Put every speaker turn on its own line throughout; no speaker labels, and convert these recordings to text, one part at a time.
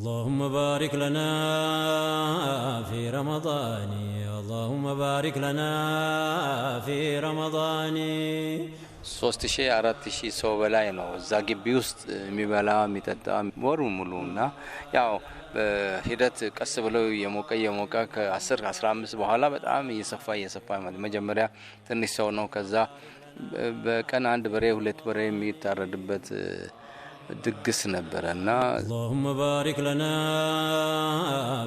اللهم بارك لنا في رمضان اللهم بارك لنا في رمضان
ሶስት ሺ አራት ሺ ሰው በላይ ነው እዛ ግቢ ውስጥ የሚበላ የሚጠጣ ወሩ ሙሉ እና ያው ሂደት ቀስ ብለው የሞቀ የሞቀ ከ10 15 በኋላ በጣም እየሰፋ እየሰፋ መጀመሪያ ትንሽ ሰው ነው። ከዛ በቀን አንድ በሬ ሁለት በሬ የሚታረድበት ድግስ ነበረ እና
አላሁመ ባሪክ ለና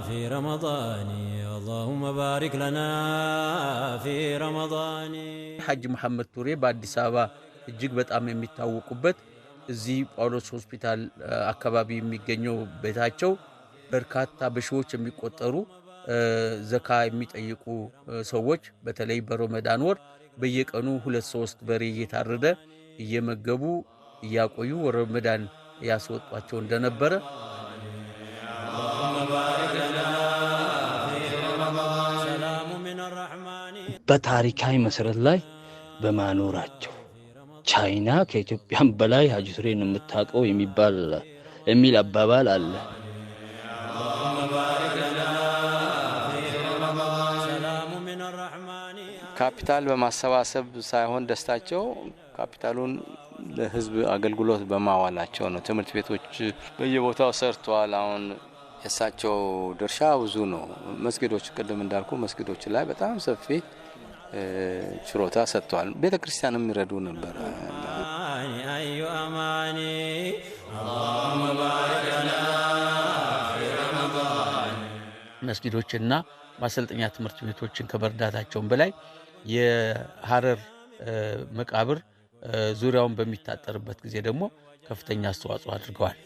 ፊ ረመዳኒ አላሁመ ባሪክ ለና ፊ ረመዳኒ።
ሐጅ መሐመድ ቱሬ በአዲስ አበባ እጅግ በጣም የሚታወቁበት እዚህ ጳውሎስ ሆስፒታል አካባቢ የሚገኘው ቤታቸው በርካታ በሺዎች የሚቆጠሩ ዘካ የሚጠይቁ ሰዎች በተለይ በረመዳን ወር በየቀኑ ሁለት ሶስት በሬ እየታረደ እየመገቡ እያቆዩ ወደ መዳን ያስወጧቸው እንደነበረ በታሪካዊ መሰረት ላይ በማኖራቸው ቻይና ከኢትዮጵያም በላይ ሀጂ ሱሬን የምታውቀው የሚባል የሚል አባባል አለ።
ካፒታል በማሰባሰብ ሳይሆን ደስታቸው ካፒታሉን ለህዝብ አገልግሎት በማዋላቸው ነው። ትምህርት ቤቶች በየቦታው ሰርተዋል። አሁን የእሳቸው ድርሻ ብዙ ነው። መስጊዶች፣ ቅድም እንዳልኩ መስጊዶች ላይ በጣም ሰፊ ችሮታ ሰጥተዋል። ቤተ ክርስቲያንም ይረዱ ነበር።
መስጊዶችና ማሰልጠኛ ትምህርት ቤቶችን ከመርዳታቸውም በላይ የሀረር መቃብር ዙሪያውን በሚታጠርበት ጊዜ ደግሞ ከፍተኛ አስተዋጽኦ አድርገዋል።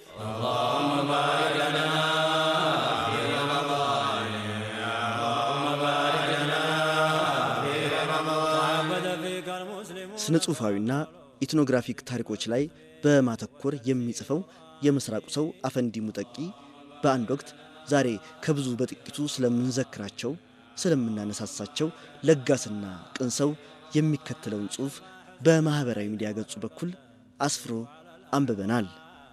ስነ ጽሑፋዊና ኢትኖግራፊክ ታሪኮች ላይ በማተኮር የሚጽፈው የምስራቁ ሰው አፈንዲ ሙጠቂ በአንድ ወቅት ዛሬ ከብዙ በጥቂቱ ስለምንዘክራቸው፣ ስለምናነሳሳቸው ለጋስና ቅን ሰው የሚከተለውን ጽሑፍ በማኅበራዊ ሚዲያ ገጹ በኩል አስፍሮ አንብበናል።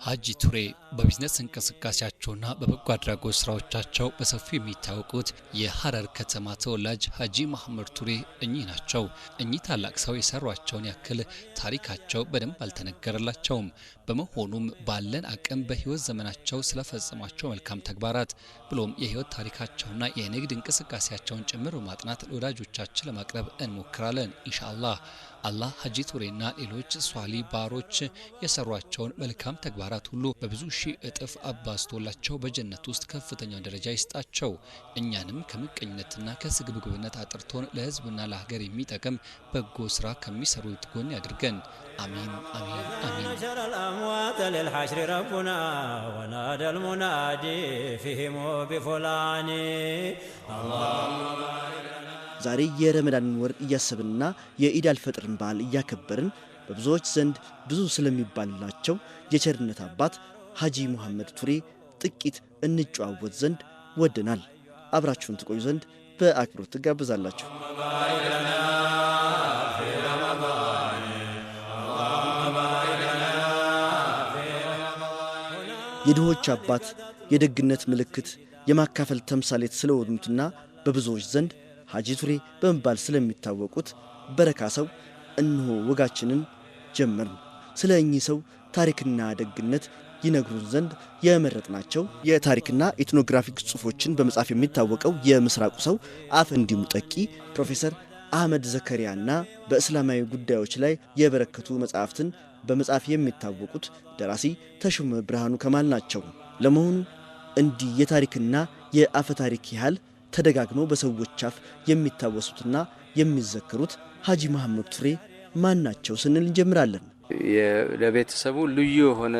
ሀጂ ቱሬ በቢዝነስ እንቅስቃሴያቸውና በበጎ አድራጎት ስራዎቻቸው በሰፊው የሚታወቁት የሀረር ከተማ ተወላጅ ሀጂ መሐመድ ቱሬ እኚህ ናቸው። እኚህ ታላቅ ሰው የሰሯቸውን ያክል ታሪካቸው በደንብ አልተነገረላቸውም። በመሆኑም ባለን አቅም በህይወት ዘመናቸው ስለፈጸሟቸው መልካም ተግባራት ብሎም የህይወት ታሪካቸውና የንግድ እንቅስቃሴያቸውን ጭምር በማጥናት ለወዳጆቻችን ለማቅረብ እንሞክራለን ኢንሻአላህ። አላህ ሀጂ ቱሬና ሌሎች ሷሊ ባሮች የሰሯቸውን መልካም ተግባራት ሁሉ በብዙ ሺህ እጥፍ አባዝቶላቸው በጀነት ውስጥ ከፍተኛ ደረጃ ይስጣቸው። እኛንም ከምቀኝነትና ከስግብግብነት አጥርቶን ለህዝብና ለሀገር የሚጠቅም በጎ ስራ ከሚሰሩት ጎን ያድርገን። አሚን አሚን አሚን። الأموات للحشر
ዛሬ የረመዳንን ወር እያሰብንና የኢዳል ፈጥርን በዓል እያከበርን በብዙዎች ዘንድ ብዙ ስለሚባልላቸው የቸርነት አባት ሐጂ ሙሐመድ ቱሬ ጥቂት እንጨዋወት ዘንድ ወደናል። አብራችሁን ትቆዩ ዘንድ በአክብሮት ትጋብዛላችሁ። የድሆች አባት፣ የደግነት ምልክት፣ የማካፈል ተምሳሌት ስለሆኑትና በብዙዎች ዘንድ ሀጂ ቱሬ በመባል ስለሚታወቁት በረካ ሰው እነሆ ወጋችንን ጀመርን። ስለ እኚህ ሰው ታሪክና ደግነት ይነግሩን ዘንድ የመረጥ ናቸው የታሪክና ኢትኖግራፊክ ጽሁፎችን በመጻፍ የሚታወቀው የምስራቁ ሰው አፈንዲ ሙጠቂ ፕሮፌሰር አህመድ ዘከሪያና በእስላማዊ ጉዳዮች ላይ የበረከቱ መጽሐፍትን በመጻፍ የሚታወቁት ደራሲ ተሾመ ብርሃኑ ከማል ናቸው። ለመሆኑ እንዲህ የታሪክና የአፈ ታሪክ ያህል ተደጋግመው በሰዎች አፍ የሚታወሱትና የሚዘክሩት ሀጂ መሐመድ ቱሬ ማን ናቸው ስንል እንጀምራለን።
ለቤተሰቡ ልዩ የሆነ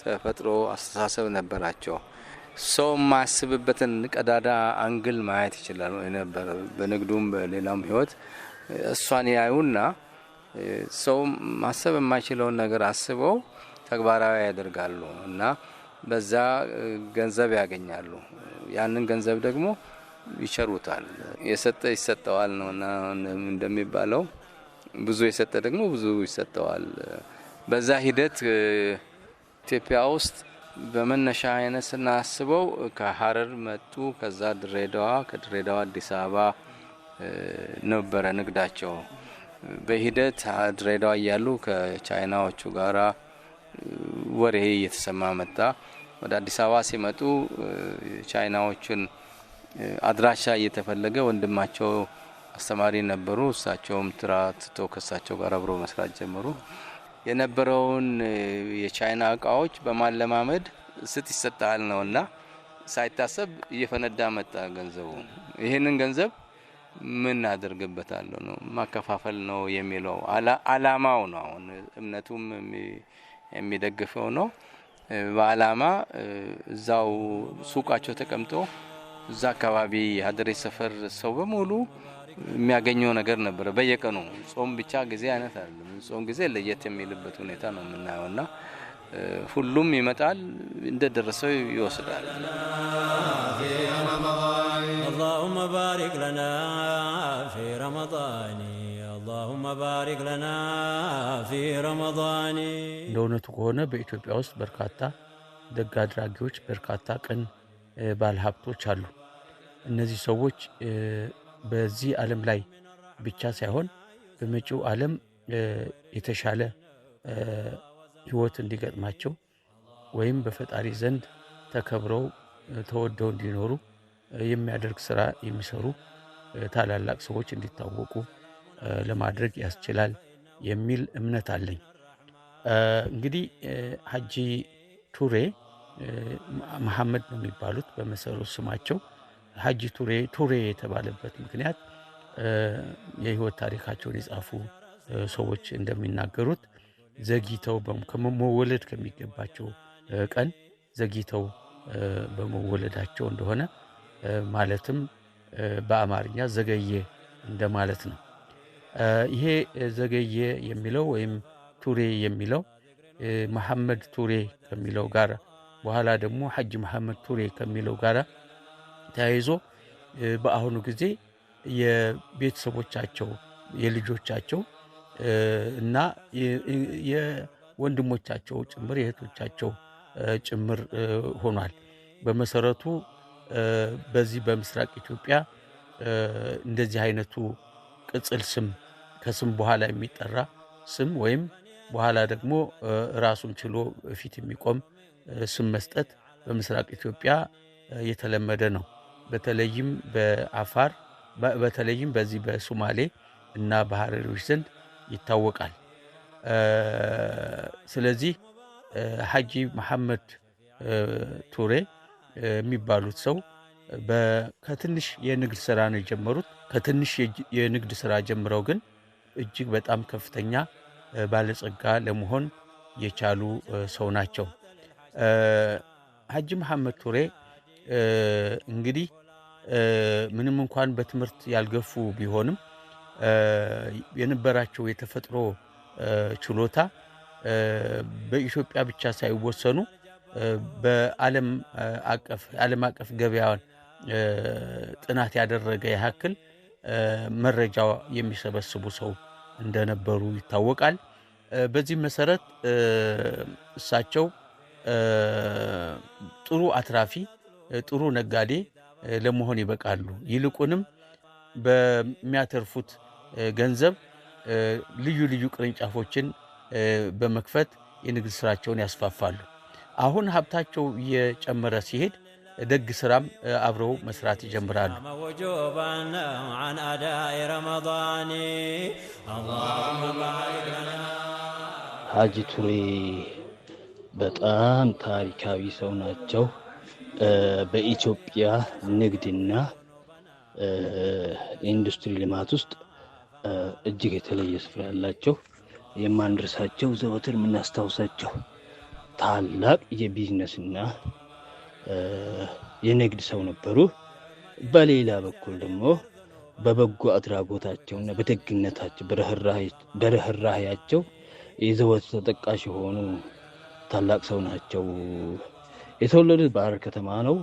ተፈጥሮ አስተሳሰብ ነበራቸው። ሰው የማያስብበትን ቀዳዳ አንግል ማየት ይችላል ነበር። በንግዱም በሌላም ህይወት እሷን ያዩና ሰው ማሰብ የማይችለውን ነገር አስበው ተግባራዊ ያደርጋሉ እና በዛ ገንዘብ ያገኛሉ። ያንን ገንዘብ ደግሞ ይቸሩታል። የሰጠ ይሰጠዋል ነውና እንደሚባለው ብዙ የሰጠ ደግሞ ብዙ ይሰጠዋል። በዛ ሂደት ኢትዮጵያ ውስጥ በመነሻ አይነት ስናስበው ከሀረር መጡ፣ ከዛ ድሬዳዋ፣ ከድሬዳዋ አዲስ አበባ ነበረ ንግዳቸው። በሂደት ድሬዳዋ እያሉ ከቻይናዎቹ ጋራ ወሬ እየተሰማ መጣ። ወደ አዲስ አበባ ሲመጡ ቻይናዎቹን አድራሻ እየተፈለገ ወንድማቸው አስተማሪ ነበሩ። እሳቸውም ትራ ትቶ ከእሳቸው ጋር አብሮ መስራት ጀመሩ። የነበረውን የቻይና እቃዎች በማለማመድ ስጥ ይሰጣል ነው እና ሳይታሰብ እየፈነዳ መጣ ገንዘቡ። ይህንን ገንዘብ ምን አደርግበታለሁ ነው ማከፋፈል ነው የሚለው አላማው ነው። አሁን እምነቱም የሚደግፈው ነው። በአላማ እዛው ሱቃቸው ተቀምጦ እዛ አካባቢ ሀደሬ ሰፈር ሰው በሙሉ የሚያገኘው ነገር ነበረ። በየቀኑ ጾም ብቻ ጊዜ አይነት አይደለም። ጾም ጊዜ ለየት የሚልበት ሁኔታ ነው የምናየውና ሁሉም ይመጣል፣ እንደደረሰው ይወስዳል። አላሁመ ባሪክ ለና ፊ
ረመዳኒ አላሁመ ባሪክ ለና ፊ እንደ እውነቱ ከሆነ በኢትዮጵያ ውስጥ በርካታ ደግ አድራጊዎች፣ በርካታ ቀን ባለሀብቶች አሉ። እነዚህ ሰዎች በዚህ ዓለም ላይ ብቻ ሳይሆን በመጪው ዓለም የተሻለ ህይወት እንዲገጥማቸው ወይም በፈጣሪ ዘንድ ተከብረው ተወደው እንዲኖሩ የሚያደርግ ስራ የሚሰሩ ታላላቅ ሰዎች እንዲታወቁ ለማድረግ ያስችላል የሚል እምነት አለኝ። እንግዲህ ሀጂ ቱሬ መሐመድ ነው የሚባሉት በመሰሩ ስማቸው ሀጂ ቱሬ ቱሬ የተባለበት ምክንያት የህይወት ታሪካቸውን የጻፉ ሰዎች እንደሚናገሩት ዘግይተው ከመወለድ ከሚገባቸው ቀን ዘግይተው በመወለዳቸው እንደሆነ ማለትም በአማርኛ ዘገየ እንደማለት ነው። ይሄ ዘገየ የሚለው ወይም ቱሬ የሚለው መሐመድ ቱሬ ከሚለው ጋር በኋላ ደግሞ ሐጅ መሐመድ ቱሬ ከሚለው ጋር ተያይዞ በአሁኑ ጊዜ የቤተሰቦቻቸው የልጆቻቸው እና የወንድሞቻቸው ጭምር የእህቶቻቸው ጭምር ሆኗል። በመሰረቱ በዚህ በምስራቅ ኢትዮጵያ እንደዚህ አይነቱ ቅጽል ስም ከስም በኋላ የሚጠራ ስም ወይም በኋላ ደግሞ ራሱን ችሎ ፊት የሚቆም ስም መስጠት በምስራቅ ኢትዮጵያ የተለመደ ነው። በተለይም በአፋር በተለይም በዚህ በሱማሌ እና በሀረሪዎች ዘንድ ይታወቃል። ስለዚህ ሐጂ መሐመድ ቱሬ የሚባሉት ሰው ከትንሽ የንግድ ስራ ነው የጀመሩት። ከትንሽ የንግድ ስራ ጀምረው ግን እጅግ በጣም ከፍተኛ ባለጸጋ ለመሆን የቻሉ ሰው ናቸው። ሀጂ መሐመድ ቱሬ እንግዲህ ምንም እንኳን በትምህርት ያልገፉ ቢሆንም የነበራቸው የተፈጥሮ ችሎታ በኢትዮጵያ ብቻ ሳይወሰኑ በዓለም አቀፍ ዓለም አቀፍ ገበያውን ጥናት ያደረገ ያህል መረጃ የሚሰበስቡ ሰው እንደነበሩ ይታወቃል። በዚህ መሰረት እሳቸው ጥሩ አትራፊ፣ ጥሩ ነጋዴ ለመሆን ይበቃሉ። ይልቁንም በሚያተርፉት ገንዘብ ልዩ ልዩ ቅርንጫፎችን በመክፈት የንግድ ስራቸውን ያስፋፋሉ። አሁን ሀብታቸው እየጨመረ ሲሄድ ደግ ስራም አብረው መስራት ይጀምራሉ።
ሀጂ ቱሬ በጣም ታሪካዊ ሰው ናቸው። በኢትዮጵያ ንግድና ኢንዱስትሪ ልማት ውስጥ እጅግ የተለየ ስፍራ ያላቸው የማንረሳቸው ዘወትር የምናስታውሳቸው ታላቅ የቢዝነስና የንግድ ሰው ነበሩ። በሌላ በኩል ደግሞ በበጎ አድራጎታቸውና በደግነታቸው በርህራሄያቸው የዘወትር ተጠቃሽ የሆኑ ታላቅ ሰው ናቸው። የተወለዱት ባህር ከተማ ነው።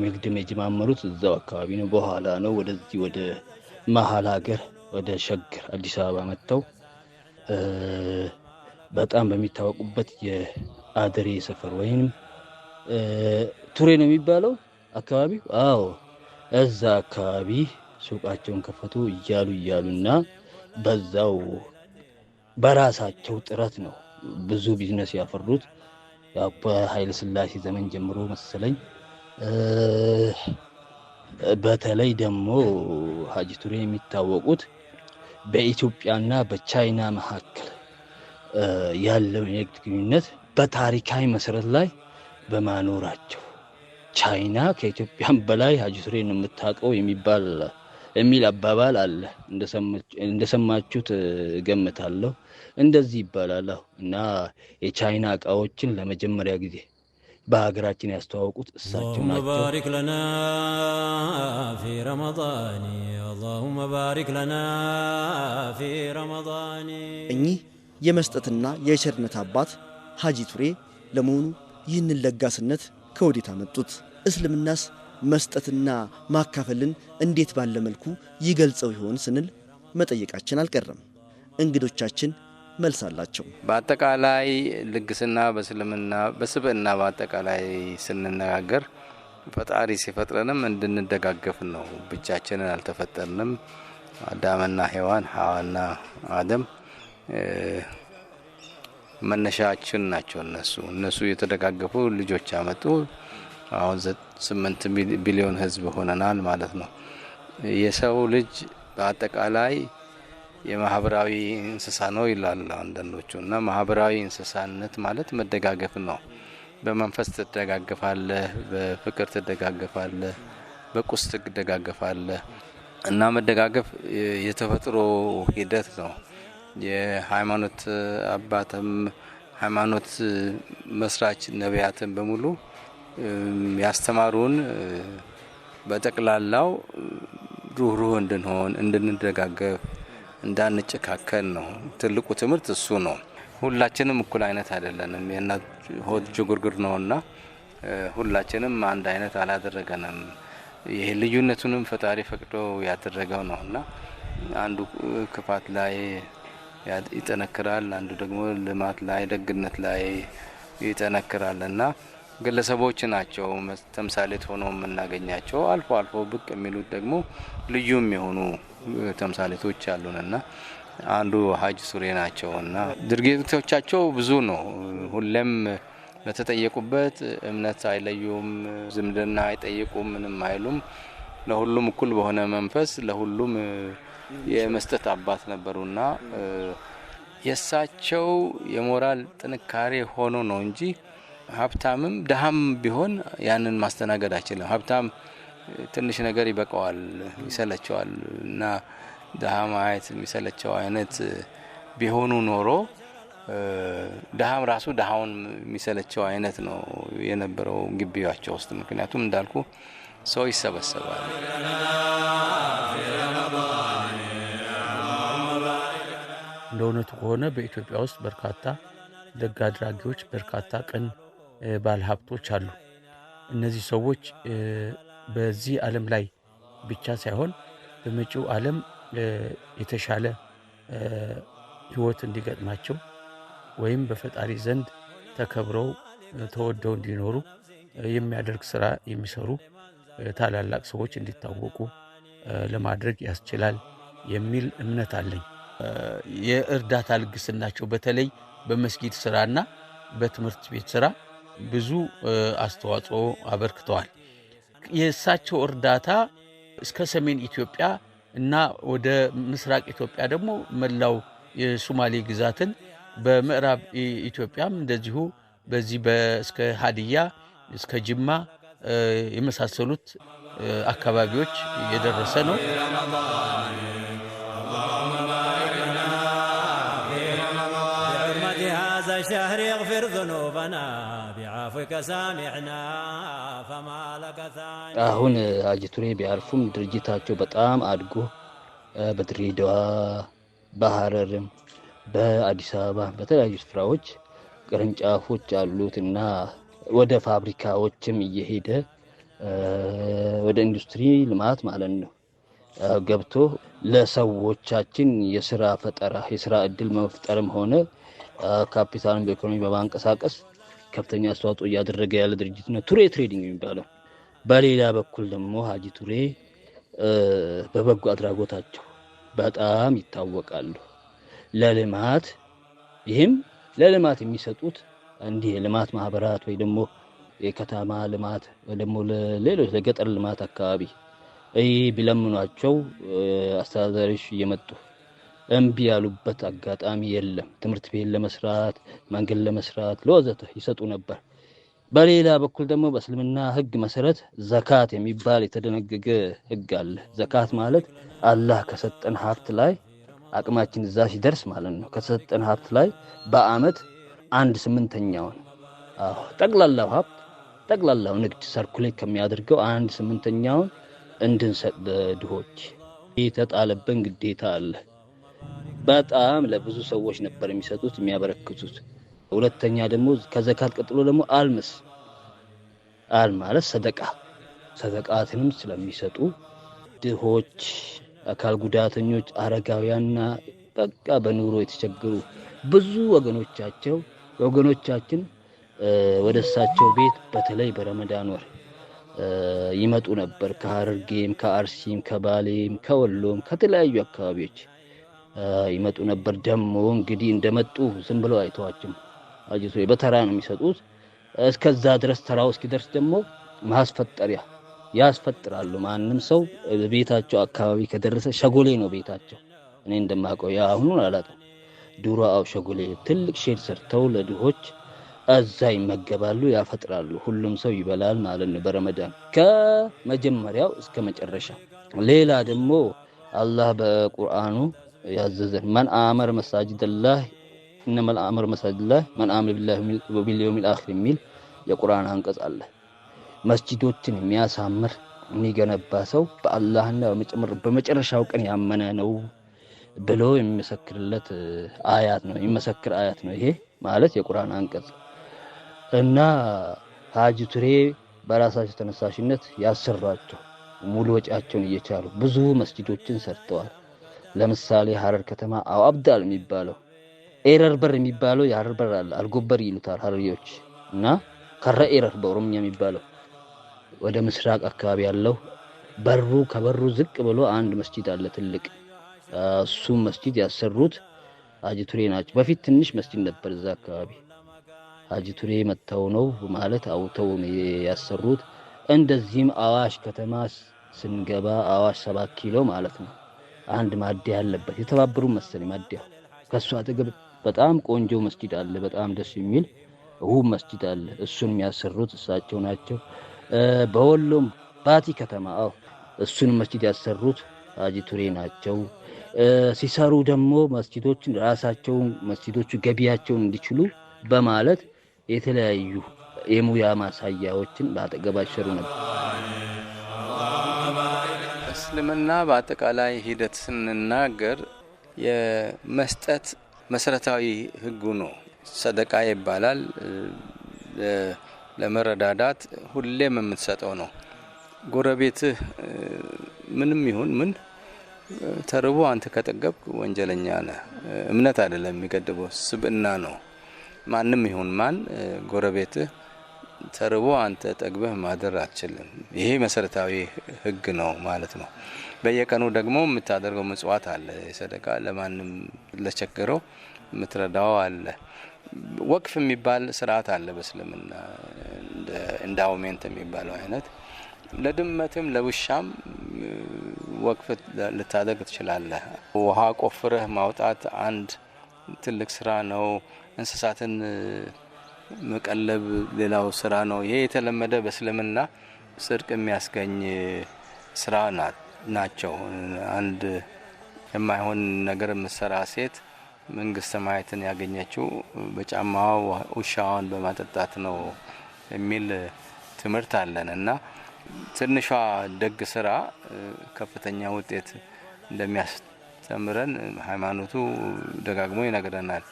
ንግድም የጀማመሩት እዛው አካባቢ ነው። በኋላ ነው ወደዚህ ወደ መሀል ሀገር ወደ ሸገር አዲስ አበባ መጥተው በጣም በሚታወቁበት የአደሬ ሰፈር ወይም ቱሬ ነው የሚባለው አካባቢ አዎ እዛ አካባቢ ሱቃቸውን ከፈቱ እያሉ እያሉና በዛው በራሳቸው ጥረት ነው ብዙ ቢዝነስ ያፈሩት። በአባ ስላሴ ዘመን ጀምሮ መሰለኝ። በተለይ ደግሞ ሀጂ ቱሬ የሚታወቁት በኢትዮጵያና በቻይና መካከል ያለው የንግድ ግንኙነት በታሪካዊ መሰረት ላይ በማኖራቸው ቻይና ከኢትዮጵያም በላይ ሀጂ ቱሬን የምታውቀው የሚባል የሚል አባባል አለ። እንደሰማችሁት ገምታለሁ። እንደዚህ ይባላል እና የቻይና እቃዎችን ለመጀመሪያ ጊዜ በሀገራችን ያስተዋወቁት እሳቸው ናቸው።
እኚህ የመስጠትና የቸርነት አባት ሀጂ ቱሬ ለመሆኑ ይህንን ለጋስነት ከወዴት አመጡት? እስልምናስ መስጠትና ማካፈልን እንዴት ባለ መልኩ ይገልጸው ይሆን ስንል መጠየቃችን አልቀረም። እንግዶቻችን መልስ አላቸው።
በአጠቃላይ ልግስና በስልምና በስብዕና በአጠቃላይ ስንነጋገር ፈጣሪ ሲፈጥረንም እንድንደጋገፍ ነው። ብቻችንን አልተፈጠርንም። አዳምና ሔዋን ሐዋና አደም መነሻችን ናቸው። እነሱ እነሱ የተደጋገፉ ልጆች አመጡ። አሁን ስምንት ቢሊዮን ህዝብ ሆነናል ማለት ነው። የሰው ልጅ በአጠቃላይ የማህበራዊ እንስሳ ነው ይላሉ አንዳንዶቹ እና ማህበራዊ እንስሳነት ማለት መደጋገፍ ነው። በመንፈስ ትደጋገፋለህ፣ በፍቅር ትደጋገፋለህ፣ በቁስ ትደጋገፋለህ እና መደጋገፍ የተፈጥሮ ሂደት ነው። የሃይማኖት አባትም ሃይማኖት መስራች ነቢያትን በሙሉ ያስተማሩን በጠቅላላው ሩህሩህ እንድንሆን፣ እንድንደጋገፍ፣ እንዳንጨካከል ነው። ትልቁ ትምህርት እሱ ነው። ሁላችንም እኩል አይነት አይደለንም። የእናት ሆድ ጅጉርጉር ነውና ሁላችንም አንድ አይነት አላደረገንም። ይሄ ልዩነቱንም ፈጣሪ ፈቅዶ ያደረገው ነውና አንዱ ክፋት ላይ ይጠነክራል፣ አንዱ ደግሞ ልማት ላይ ደግነት ላይ ይጠነክራል እና ግለሰቦች ናቸው ተምሳሌት ሆኖ የምናገኛቸው። አልፎ አልፎ ብቅ የሚሉት ደግሞ ልዩም የሆኑ ተምሳሌቶች አሉንና አንዱ ሀጅ ሱሬ ናቸው እና ድርጊቶቻቸው ብዙ ነው። ሁሌም ለተጠየቁበት እምነት አይለዩም፣ ዝምድና አይጠይቁም፣ ምንም አይሉም። ለሁሉም እኩል በሆነ መንፈስ ለሁሉም የመስጠት አባት ነበሩና የእሳቸው የሞራል ጥንካሬ ሆኖ ነው እንጂ ሀብታምም ድሃም ቢሆን ያንን ማስተናገድ አይችልም። ሀብታም ትንሽ ነገር ይበቀዋል ይሰለቸዋል እና ድሃ ማየት የሚሰለቸው አይነት ቢሆኑ ኖሮ ድሃም ራሱ ድሃውን የሚሰለቸው አይነት ነው የነበረው ግቢያቸው ውስጥ። ምክንያቱም እንዳልኩ ሰው ይሰበሰባል።
እንደ እውነቱ ከሆነ በኢትዮጵያ ውስጥ በርካታ ደግ አድራጊዎች፣ በርካታ ቅን ባለሀብቶች አሉ። እነዚህ ሰዎች በዚህ ዓለም ላይ ብቻ ሳይሆን በመጪው ዓለም የተሻለ ሕይወት እንዲገጥማቸው ወይም በፈጣሪ ዘንድ ተከብረው ተወደው እንዲኖሩ የሚያደርግ ስራ የሚሰሩ ታላላቅ ሰዎች እንዲታወቁ ለማድረግ ያስችላል የሚል እምነት አለኝ። የእርዳታ ልግስናቸው በተለይ በመስጊድ ስራና በትምህርት ቤት ስራ ብዙ አስተዋጽኦ አበርክተዋል። የእሳቸው እርዳታ እስከ ሰሜን ኢትዮጵያ እና ወደ ምስራቅ ኢትዮጵያ ደግሞ መላው የሱማሌ ግዛትን በምዕራብ ኢትዮጵያም እንደዚሁ በዚህ እስከ ሀዲያ እስከ ጅማ የመሳሰሉት አካባቢዎች የደረሰ ነው።
አሁን ሀጂ ቱሬ ቢያርፉም ድርጅታቸው በጣም አድጎ በድሬዳዋ በሀረርም በአዲስ አበባ በተለያዩ ስፍራዎች ቅርንጫፎች አሉት እና ወደ ፋብሪካዎችም እየሄደ ወደ ኢንዱስትሪ ልማት ማለት ነው ገብቶ ለሰዎቻችን የስራ ፈጠራ የስራ እድል መፍጠርም ሆነ ካፒታልን በኢኮኖሚ በማንቀሳቀስ ከፍተኛ አስተዋጽኦ እያደረገ ያለ ድርጅት ነው ቱሬ ትሬዲንግ የሚባለው። በሌላ በኩል ደግሞ ሀጂ ቱሬ በበጎ አድራጎታቸው በጣም ይታወቃሉ። ለልማት ይህም ለልማት የሚሰጡት እንዲህ የልማት ማህበራት ወይ ደግሞ የከተማ ልማት ወይ ደግሞ ሌሎች ለገጠር ልማት አካባቢ ይህ ቢለምኗቸው አስተዳዳሪዎች እየመጡ እምቢ ያሉበት አጋጣሚ የለም። ትምህርት ቤት ለመስራት፣ መንገድ ለመስራት ለወዘተ ይሰጡ ነበር። በሌላ በኩል ደግሞ በእስልምና ሕግ መሰረት ዘካት የሚባል የተደነገገ ሕግ አለ። ዘካት ማለት አላህ ከሰጠን ሀብት ላይ አቅማችን እዛ ሲደርስ ማለት ነው ከሰጠን ሀብት ላይ በአመት አንድ ስምንተኛውን ጠቅላላው ሀብት ጠቅላላው ንግድ ሰርኩሌት ከሚያደርገው አንድ ስምንተኛውን እንድንሰጥ ድሆች የተጣለብን ግዴታ አለ። በጣም ለብዙ ሰዎች ነበር የሚሰጡት የሚያበረክቱት። ሁለተኛ ደግሞ ከዘካት ቀጥሎ ደግሞ አልምስ አል ማለት ሰደቃ ሰደቃትንም ስለሚሰጡ ድሆች፣ አካል ጉዳተኞች፣ አረጋውያንና በቃ በኑሮ የተቸገሩ ብዙ ወገኖቻቸው ወገኖቻችን ወደ እሳቸው ቤት በተለይ በረመዳን ወር ይመጡ ነበር። ከሀረርጌም፣ ከአርሲም፣ ከባሌም፣ ከወሎም ከተለያዩ አካባቢዎች ይመጡ ነበር። ደሞ እንግዲህ እንደመጡ ዝም ብለው አይተዋችም። አጅሶ በተራ ነው የሚሰጡት። እስከዛ ድረስ ተራው እስኪደርስ ደግሞ ማስፈጠሪያ ያስፈጥራሉ። ማንም ሰው ቤታቸው አካባቢ ከደረሰ ሸጎሌ ነው ቤታቸው። እኔ እንደማውቀው ያ አሁኑን አላውቅም። ድሮ አው ሸጎሌ ትልቅ ሼድ ሰርተው ለድሆች እዛ ይመገባሉ፣ ያፈጥራሉ። ሁሉም ሰው ይበላል ማለት ነው በረመዳን ከመጀመሪያው እስከ መጨረሻ። ሌላ ደግሞ አላህ በቁርአኑ ያዘዘን መን አመር መሳጅደላህ እነመል አመር መሳጅደላህ መን አመር ቢላህ ወቢል አኺር የሚል የቁርአን አንቀጽ አለ። መስጂዶችን የሚያሳምር የሚገነባ ሰው በአላህና በመጨረሻው ቀን ያመነ ነው ብሎ የሚመሰክርለት አያት ነው የሚመሰክር አያት ነው። ይሄ ማለት የቁርአን አንቀጽ እና ሀጅ ቱሬ በራሳቸው ተነሳሽነት ያሰሯቸው ሙሉ ወጪያቸውን እየቻሉ ብዙ መስጂዶችን ሰርተዋል። ለምሳሌ ሀረር ከተማ አው አብዳል የሚባለው ኤረር በር የሚባለው የሀረር በር አለ። አልጎበር ይሉታል ሀረሪዎች እና ከረ ኤረር በኦሮምኛ የሚባለው ወደ ምስራቅ አካባቢ ያለው በሩ ከበሩ ዝቅ ብሎ አንድ መስጂድ አለ ትልቅ። እሱም መስጂድ ያሰሩት አጅቱሬ ናቸው። በፊት ትንሽ መስጂድ ነበር እዛ አካባቢ። አጅቱሬ መጥተው ነው ማለት አውተው ያሰሩት። እንደዚህም አዋሽ ከተማ ስንገባ አዋሽ ሰባት ኪሎ ማለት ነው አንድ ማዲያ ያለበት የተባበሩ መሰለኝ ማዲያ። ከሱ አጠገብ በጣም ቆንጆ መስጂድ አለ፣ በጣም ደስ የሚል ውብ መስጂድ አለ። እሱን የሚያሰሩት እሳቸው ናቸው። በወሎም ባቲ ከተማ አዎ፣ እሱን መስጂድ ያሰሩት ሀጂ ቱሬ ናቸው። ሲሰሩ ደግሞ መስጂዶችን ራሳቸውን መስጂዶቹ ገቢያቸውን እንዲችሉ በማለት የተለያዩ የሙያ ማሳያዎችን በአጠገባቸው ነበር። እስልምና በአጠቃላይ ሂደት ስንናገር የመስጠት መሰረታዊ ህጉ ነው። ሰደቃ ይባላል። ለመረዳዳት ሁሌም የምትሰጠው ነው። ጎረቤትህ ምንም ይሁን ምን ተርቦ አንተ ከጠገብክ ወንጀለኛ ነህ። እምነት አይደለም የሚገድበው፣ ስብና ነው። ማንም ይሁን ማን ጎረቤትህ ተርቦ አንተ ጠግበህ ማደር አትችልም። ይሄ መሰረታዊ ህግ ነው ማለት ነው። በየቀኑ ደግሞ የምታደርገው ምጽዋት አለ፣ የሰደቃ ለማንም ለቸገረው የምትረዳው አለ። ወቅፍ የሚባል ስርዓት አለ በእስልምና እንዳውሜንት የሚባለው አይነት ለድመትም ለውሻም ወቅፍ ልታደርግ ትችላለህ። ውሃ ቆፍረህ ማውጣት አንድ ትልቅ ስራ ነው። እንስሳትን መቀለብ ሌላው ስራ ነው። ይሄ የተለመደ በእስልምና ጽድቅ የሚያስገኝ ስራ ናቸው። አንድ የማይሆን ነገር የምትሰራ ሴት መንግስት ሰማያትን ያገኘችው በጫማዋ ውሻዋን በማጠጣት ነው የሚል ትምህርት አለን እና ትንሿ ደግ ስራ ከፍተኛ ውጤት እንደሚያስተምረን ሃይማኖቱ ደጋግሞ ይነግረናል።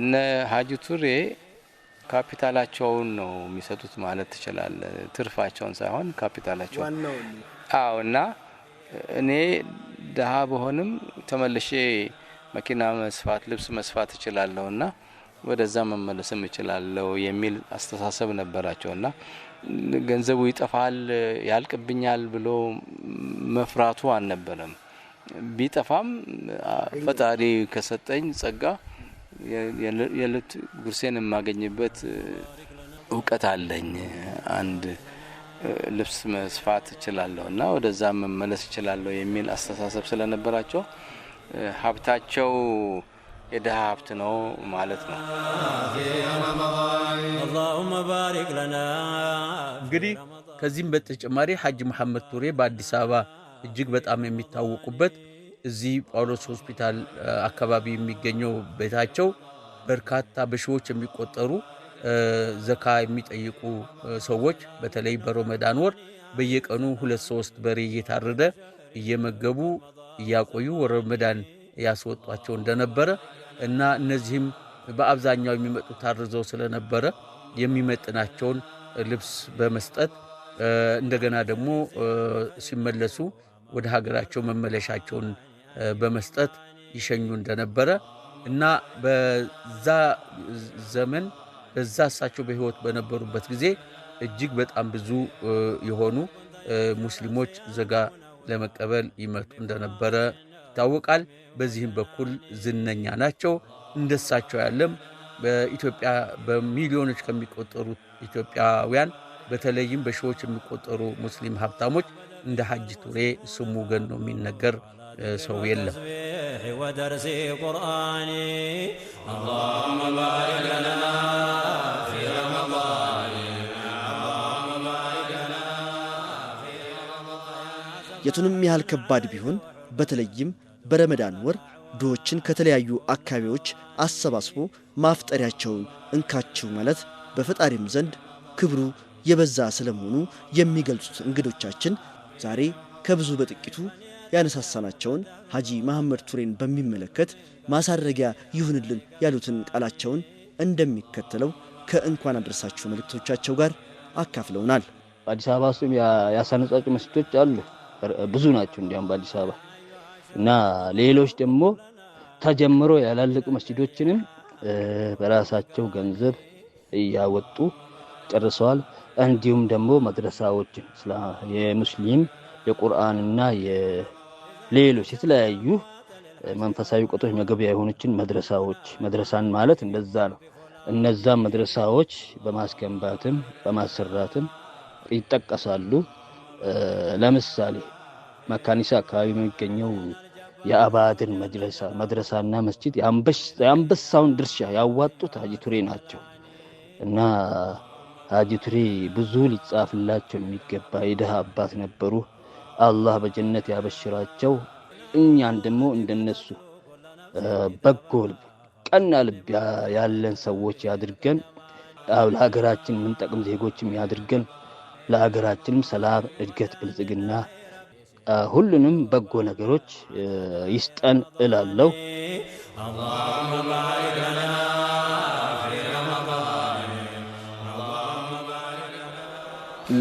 እነ ሀጂ ቱሬ ካፒታላቸውን ነው የሚሰጡት ማለት ትችላለ። ትርፋቸውን ሳይሆን ካፒታላቸውን። አዎ እና እኔ ድሀ በሆንም ተመልሼ መኪና መስፋት፣ ልብስ መስፋት እችላለሁ እና ወደዛ መመለስም እችላለሁ የሚል አስተሳሰብ ነበራቸው እና ገንዘቡ ይጠፋል ያልቅብኛል ብሎ መፍራቱ አልነበረም። ቢጠፋም ፈጣሪ ከሰጠኝ ጸጋ የልት ጉርሴን የማገኝበት እውቀት አለኝ። አንድ ልብስ መስፋት እችላለሁ እና ወደዛ መመለስ እችላለሁ የሚል አስተሳሰብ ስለነበራቸው ሀብታቸው የድሀ ሀብት ነው ማለት ነው።
እንግዲህ ከዚህም በተጨማሪ ሀጅ መሐመድ ቱሬ በአዲስ አበባ እጅግ በጣም የሚታወቁበት እዚህ ጳውሎስ ሆስፒታል አካባቢ የሚገኘው ቤታቸው በርካታ በሺዎች የሚቆጠሩ ዘካ የሚጠይቁ ሰዎች በተለይ በሮመዳን ወር በየቀኑ ሁለት ሶስት በሬ እየታረደ እየመገቡ እያቆዩ ረመዳን ያስወጧቸው እንደነበረ እና እነዚህም በአብዛኛው የሚመጡ ታርዘው ስለነበረ የሚመጥናቸውን ልብስ በመስጠት እንደገና ደግሞ ሲመለሱ ወደ ሀገራቸው መመለሻቸውን በመስጠት ይሸኙ እንደነበረ እና በዛ ዘመን በዛ እሳቸው በህይወት በነበሩበት ጊዜ እጅግ በጣም ብዙ የሆኑ ሙስሊሞች ዘጋ ለመቀበል ይመጡ እንደነበረ ይታወቃል። በዚህም በኩል ዝነኛ ናቸው። እንደሳቸው ያለም በኢትዮጵያ በሚሊዮኖች ከሚቆጠሩት ኢትዮጵያውያን በተለይም በሺዎች የሚቆጠሩ ሙስሊም ሀብታሞች እንደ ሀጅ ቱሬ ስሙ ገኖ የሚነገር ሰው የለም። የቱንም ያህል ከባድ ቢሆን በተለይም በረመዳን ወር ድሆችን ከተለያዩ አካባቢዎች አሰባስቦ ማፍጠሪያቸውን እንካችሁ ማለት በፈጣሪም ዘንድ ክብሩ የበዛ ስለመሆኑ የሚገልጹት እንግዶቻችን ዛሬ ከብዙ በጥቂቱ ያነሳሳናቸውን ሀጂ መሐመድ ቱሬን በሚመለከት ማሳረጊያ ይሁንልን ያሉትን ቃላቸውን እንደሚከተለው ከእንኳን አደረሳችሁ መልእክቶቻቸው ጋር አካፍለውናል።
አዲስ አበባ ውስጥም ያሳነጻጩ መስጊዶች አሉ፣ ብዙ ናቸው። እንዲያውም በአዲስ አበባ እና ሌሎች ደግሞ ተጀምሮ ያላለቁ መስጊዶችንም በራሳቸው ገንዘብ እያወጡ ጨርሰዋል። እንዲሁም ደግሞ መድረሳዎችን የሙስሊም የቁርአንና ሌሎች የተለያዩ መንፈሳዊ እውቀቶች መገበያ የሆነችን መድረሳዎች መድረሳን ማለት እንደዛ ነው። እነዛ መድረሳዎች በማስገንባትም በማሰራትም ይጠቀሳሉ። ለምሳሌ መካኒሳ አካባቢ የሚገኘው የአባድን መድረሳ መድረሳና መስጂድ የአንበሳውን ድርሻ ያዋጡት ሀጂ ቱሬ ናቸው እና ሀጂ ቱሬ ብዙ ሊጻፍላቸው የሚገባ የድሃ አባት ነበሩ። አላህ በጀነት ያበሽራቸው፣ እኛን ደግሞ እንደነሱ በጎ ልብ፣ ቀና ልብ ያለን ሰዎች ያድርገን። ለሀገራችን የምንጠቅም ዜጎችም ያድርገን። ለሀገራችንም ሰላም፣ እድገት፣ ብልጽግና ሁሉንም በጎ ነገሮች ይስጠን እላለሁ።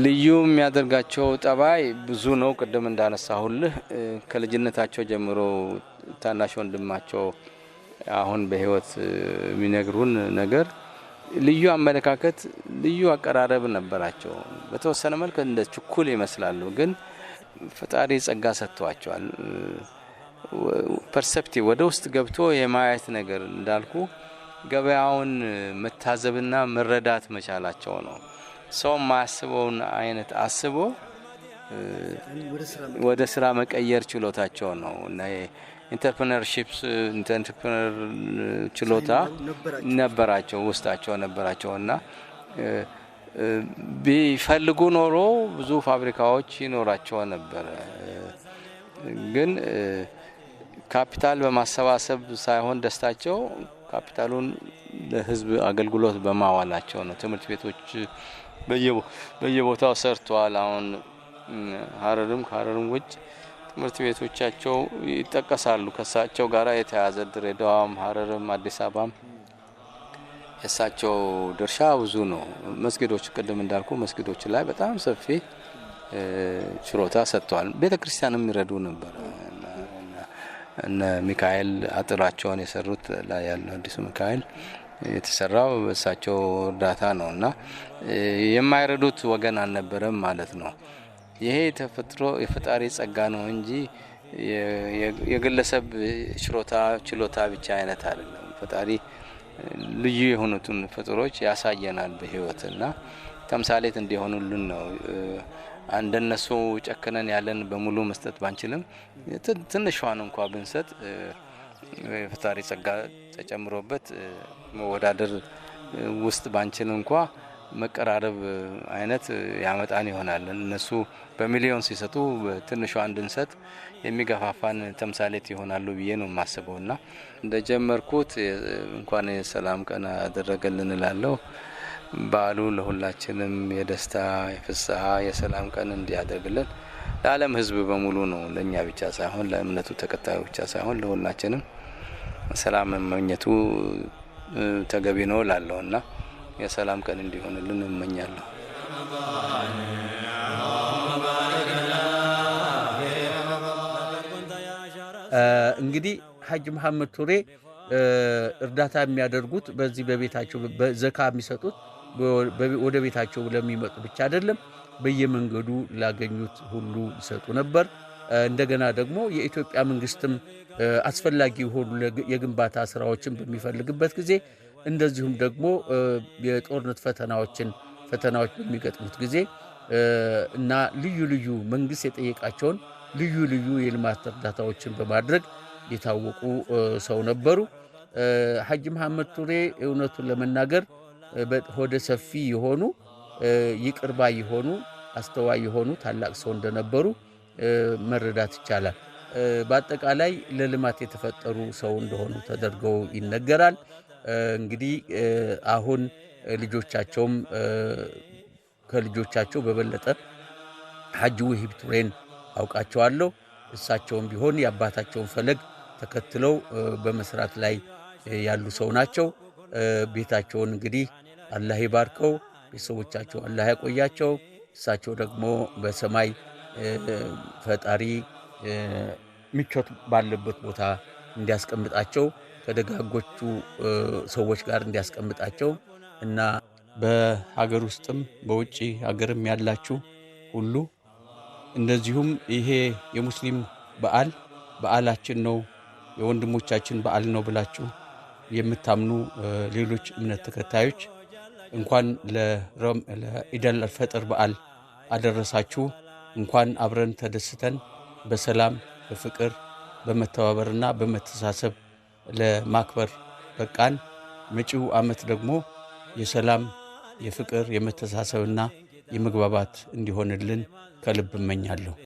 ልዩ የሚያደርጋቸው ጠባይ ብዙ ነው። ቅድም እንዳነሳሁልህ ከልጅነታቸው ጀምሮ ታናሽ ወንድማቸው አሁን በህይወት የሚነግሩን ነገር ልዩ አመለካከት፣ ልዩ አቀራረብ ነበራቸው። በተወሰነ መልክ እንደ ችኩል ይመስላሉ፣ ግን ፈጣሪ ጸጋ ሰጥቷቸዋል። ፐርሰፕቲቭ ወደ ውስጥ ገብቶ የማየት ነገር እንዳልኩ ገበያውን መታዘብና መረዳት መቻላቸው ነው። ሰው ማስበውን አይነት አስቦ ወደ ስራ መቀየር ችሎታቸው ነው እና ኢንተርፕረነርሺፕ ኢንተርፕረነር ችሎታ ነበራቸው ውስጣቸው ነበራቸው እና ቢፈልጉ ኖሮ ብዙ ፋብሪካዎች ይኖራቸው ነበረ። ግን ካፒታል በማሰባሰብ ሳይሆን ደስታቸው ካፒታሉን ለሕዝብ አገልግሎት በማዋላቸው ነው። ትምህርት ቤቶች በየቦታው ሰርቷል። አሁን ሀረርም ከሀረርም ውጭ ትምህርት ቤቶቻቸው ይጠቀሳሉ። ከእሳቸው ጋር የተያዘ ድሬዳዋም፣ ሀረርም፣ አዲስ አበባም የእሳቸው ድርሻ ብዙ ነው። መስጊዶች ቅድም እንዳልኩ መስጊዶች ላይ በጣም ሰፊ ችሮታ ሰጥተዋል። ቤተ ክርስቲያንም ይረዱ ነበር። እነ ሚካኤል አጥራቸውን የሰሩት ላይ ያለው አዲሱ ሚካኤል የተሰራው በእሳቸው እርዳታ ነው እና የማይረዱት ወገን አልነበረም ማለት ነው። ይሄ ተፈጥሮ የፈጣሪ ጸጋ ነው እንጂ የግለሰብ ችሮታ ችሎታ ብቻ አይነት አይደለም። ፈጣሪ ልዩ የሆኑትን ፍጥሮች ያሳየናል በህይወት እና ተምሳሌት እንዲሆኑልን ነው። እንደነሱ ጨክነን ያለን በሙሉ መስጠት ባንችልም ትንሿን እንኳ ብንሰጥ የፈጣሪ ጸጋ ተጨምሮበት መወዳደር ውስጥ ባንችል እንኳ መቀራረብ አይነት ያመጣን ይሆናል። እነሱ በሚሊዮን ሲሰጡ ትንሿ እንድንሰጥ የሚገፋፋን ተምሳሌት ይሆናሉ ብዬ ነው የማስበው እና እንደጀመርኩት እንኳን የሰላም ቀን አደረገልን እላለሁ። በዓሉ ለሁላችንም የደስታ የፍስሐ፣ የሰላም ቀን እንዲያደርግልን ለዓለም ሕዝብ በሙሉ ነው ለእኛ ብቻ ሳይሆን ለእምነቱ ተከታዩ ብቻ ሳይሆን ለሁላችንም ሰላም መመኘቱ ተገቢ ነው ላለው እና የሰላም ቀን እንዲሆንልን እመኛለሁ።
እንግዲህ ሀጅ መሐመድ ቱሬ እርዳታ የሚያደርጉት በዚህ በቤታቸው ዘካ የሚሰጡት ወደ ቤታቸው ለሚመጡ ብቻ አይደለም፣ በየመንገዱ ላገኙት ሁሉ ይሰጡ ነበር። እንደገና ደግሞ የኢትዮጵያ መንግስትም አስፈላጊ የሆኑ የግንባታ ስራዎችን በሚፈልግበት ጊዜ እንደዚሁም ደግሞ የጦርነት ፈተናዎችን ፈተናዎች በሚገጥሙት ጊዜ እና ልዩ ልዩ መንግስት የጠየቃቸውን ልዩ ልዩ የልማት እርዳታዎችን በማድረግ የታወቁ ሰው ነበሩ። ሐጂ መሐመድ ቱሬ እውነቱን ለመናገር ሆደ ሰፊ የሆኑ ይቅርባ የሆኑ አስተዋይ የሆኑ ታላቅ ሰው እንደነበሩ መረዳት ይቻላል። በአጠቃላይ ለልማት የተፈጠሩ ሰው እንደሆኑ ተደርገው ይነገራል። እንግዲህ አሁን ልጆቻቸውም ከልጆቻቸው በበለጠ ሐጂ ውሂብ ቱሬን አውቃቸዋለሁ። እሳቸውም ቢሆን የአባታቸውን ፈለግ ተከትለው በመስራት ላይ ያሉ ሰው ናቸው። ቤታቸውን እንግዲህ አላህ ይባርከው፣ ቤተሰቦቻቸው አላህ ያቆያቸው። እሳቸው ደግሞ በሰማይ ፈጣሪ ምቾት ባለበት ቦታ እንዲያስቀምጣቸው ከደጋጎቹ ሰዎች ጋር እንዲያስቀምጣቸው እና በሀገር ውስጥም በውጭ ሀገርም ያላችሁ ሁሉ እንደዚሁም ይሄ የሙስሊም በዓል በዓላችን ነው፣ የወንድሞቻችን በዓል ነው ብላችሁ የምታምኑ ሌሎች እምነት ተከታዮች እንኳን ለኢደል ፈጥር በዓል አደረሳችሁ። እንኳን አብረን ተደስተን በሰላም በፍቅር በመተባበርና በመተሳሰብ ለማክበር በቃን። መጪው ዓመት ደግሞ የሰላም የፍቅር የመተሳሰብና የመግባባት እንዲሆንልን ከልብ እመኛለሁ።